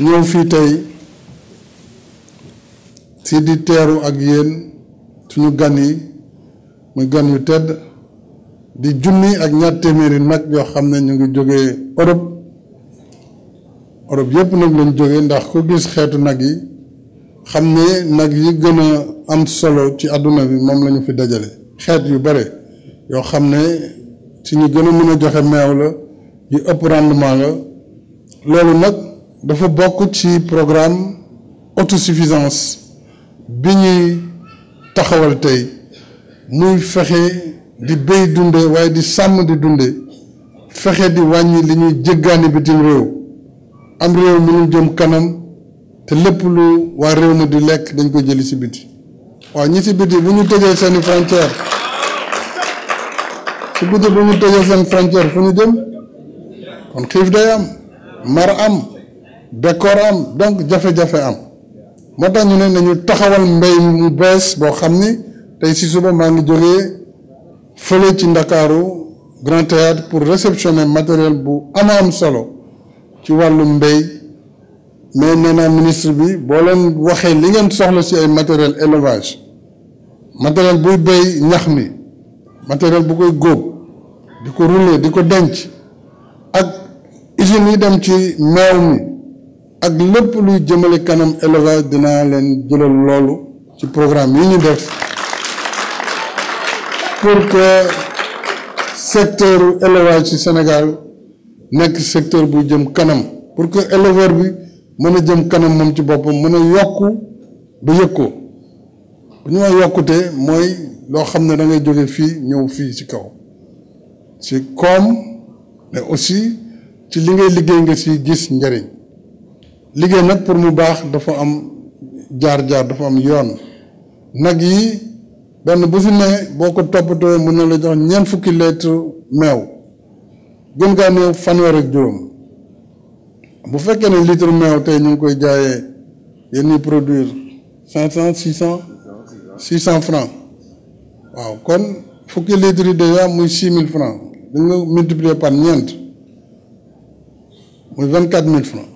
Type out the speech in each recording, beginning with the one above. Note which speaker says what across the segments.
Speaker 1: ñëw fi tey si di teeru ak yéen suñu gan yi muy gan yu tedd di junni ak ñaar téeméeri nag yoo xam ne ñu ngi jógee Europe Europe yëpp nag lañ jóge ndax ku gis xeetu nag yi xam ne nag yi gën a am solo ci àdduna bi moom lañu fi dajale xeet yu bare yoo xam ne ci ñu gën a mën a joxe meew la yu ëpp rendement la loolu nag dafa bokk ci programme suffisance bi ñuy taxawal tey muy fexe di béy dunde waaye di sàmm di dunde fexe di wàññi li ñuy jéggaani bitim réew am réew mënul jëm kanam te lépp lu waa réew mi di lekk dañ ko jëli ci biti waaw ñi ci biti bu ñu tëjee seeni frontière ci biti bu ñu tëjee seen frontière fu ñu jëm kon xiif day am mar am décor am donc jafe-jafe am moo tax ñu ne nañu taxawal mbéy mu bees boo xam ni tey si suba maa ngi jógee fële ci ndakaaru Grand Théâtre pour réceptionner matériel bu ama am solo ci wàllu mbéy mais nee naa ministre bi boo leen waxee li ngeen soxla si ay matériel élevage matériel buy béy ñax mi matériel bu koy góob di ko rouler di ko denc ak usines yi dem ci meew mi ak lépp luy jëmale kanam élevage dinaa leen jëlal loolu ci programme yi ñu def pour que secteur élevage ci Sénégal nekk secteur bu jëm kanam pour que éleveur bi mën a jëm kanam moom ci boppam mën a yokku ba yëg ko bu ñu wax yokkute mooy loo xam ne da ngay jóge fii ñëw fii ci kaw ci koom mais aussi ci li ngay liggéey nga ci gis njëriñ liggéey nag pour mu baax dafa am jaar-jaar dafa am yoon nag yi benn bu fi ne boo ko toppatoo mën na la jox ñeent fukki litre meew gën gaa néew fanweer ak juróom bu fekkee ne litre meew tey ñu ngi koy jaayee yéen produire cinq cent six cent six cent francs waaw kon fukki litre yi déjà muy six mille francs da nga multiplier par ñeent muy vingt quatre mille francs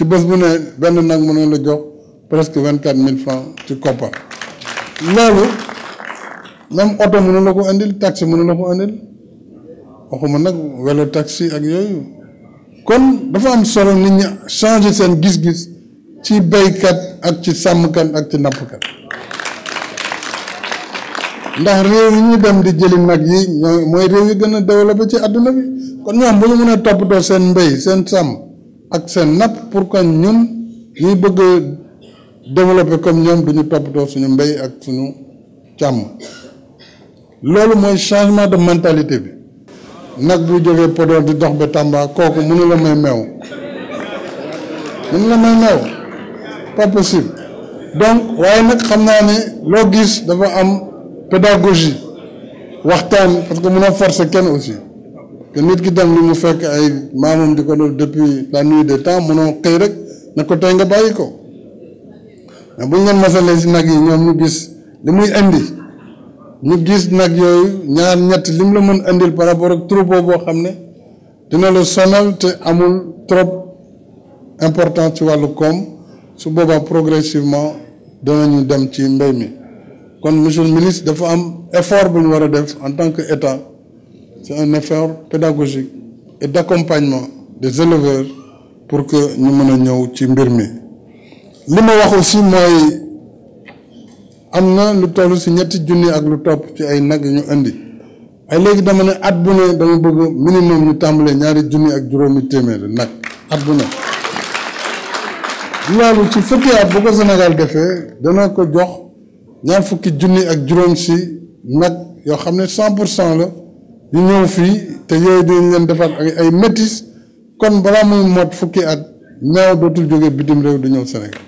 Speaker 1: ci bés bu ne benn nag mën la jox presque vingt quatre mille francs ci koppar loolu même oto mënu la ko andil taxi mënu la ko andil waxuma nag welo taxi ak yooyu kon dafa am solo nit ñi changer seen gis-gis ci béykat ak ci sàmmkat ak ci nappkat ndax réew yi ñu dem di jëli nag yi ñooy mooy réew yi gën a développé ci àdduna bi kon ñoom bu ñu mën a toppatoo seen mbéy seen sàmm ak sen nap pour que ñun ñuy bëgg développer comme ñom duñu toppatoo suñu mbéy ak suñu cham lolu moy changement de mentalité bi nak bu jógee Podor di dox ba Tamba koku mënu la may mew mënu la may mew pas possible donc waye nak xamna ni logis gis dafa am pédagogie waxtan parce que mëna forcer ken aussi que nit ki dal fekk ay depuis la nuit des temps rek na nous nga bàyyi ko mais leen masalee yi ñoom gis li muy indi ñu gis nag yooyu ñaar ñett lim la mën indil par rapport ak dina la sonal te amul trop important ci wàllu koom su progressivement danañu dem ci kon monsieur le ministre dafa am effort en tant que c'est un effort pédagogique d'accompagnement des éleveurs pour que ñu mën a ñëw ci mbir mi li ma wax aussi mooy am na lu toll si ñetti junni ak lu topp ci ay nag ñu indi ay léegi dama ne at bu ne dama bëgg minimum ñu tàmbalee ñaari junni ak juróomi téeméeri nag at bu ne loolu ci fukki at bu ko Sénégal defee dana ko jox ñaar fukki junni ak juróom si nag yoo xam ne cent pour cent la ñu ñëw fii te yooyu dañ leen defar ay métis kon balaa muy mot fukki at meew dootul jóge bitim réew di ñëw Sénégal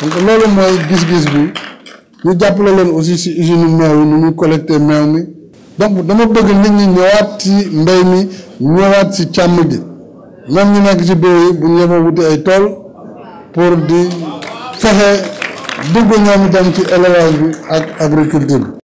Speaker 1: donc loolu mooy gis-gis bi ñu jàppale leen aussi si usine meew yi nu ñuy collecté meew mi donc dama bëgg nit ñi ñëwaat ci mbéy mi ñëwaat ci càmm gi même ñu nekk ci béy yi bu ñu yema wuti ay tool pour di fexe dugg ñoom dem ci élevage bi ak agriculture bi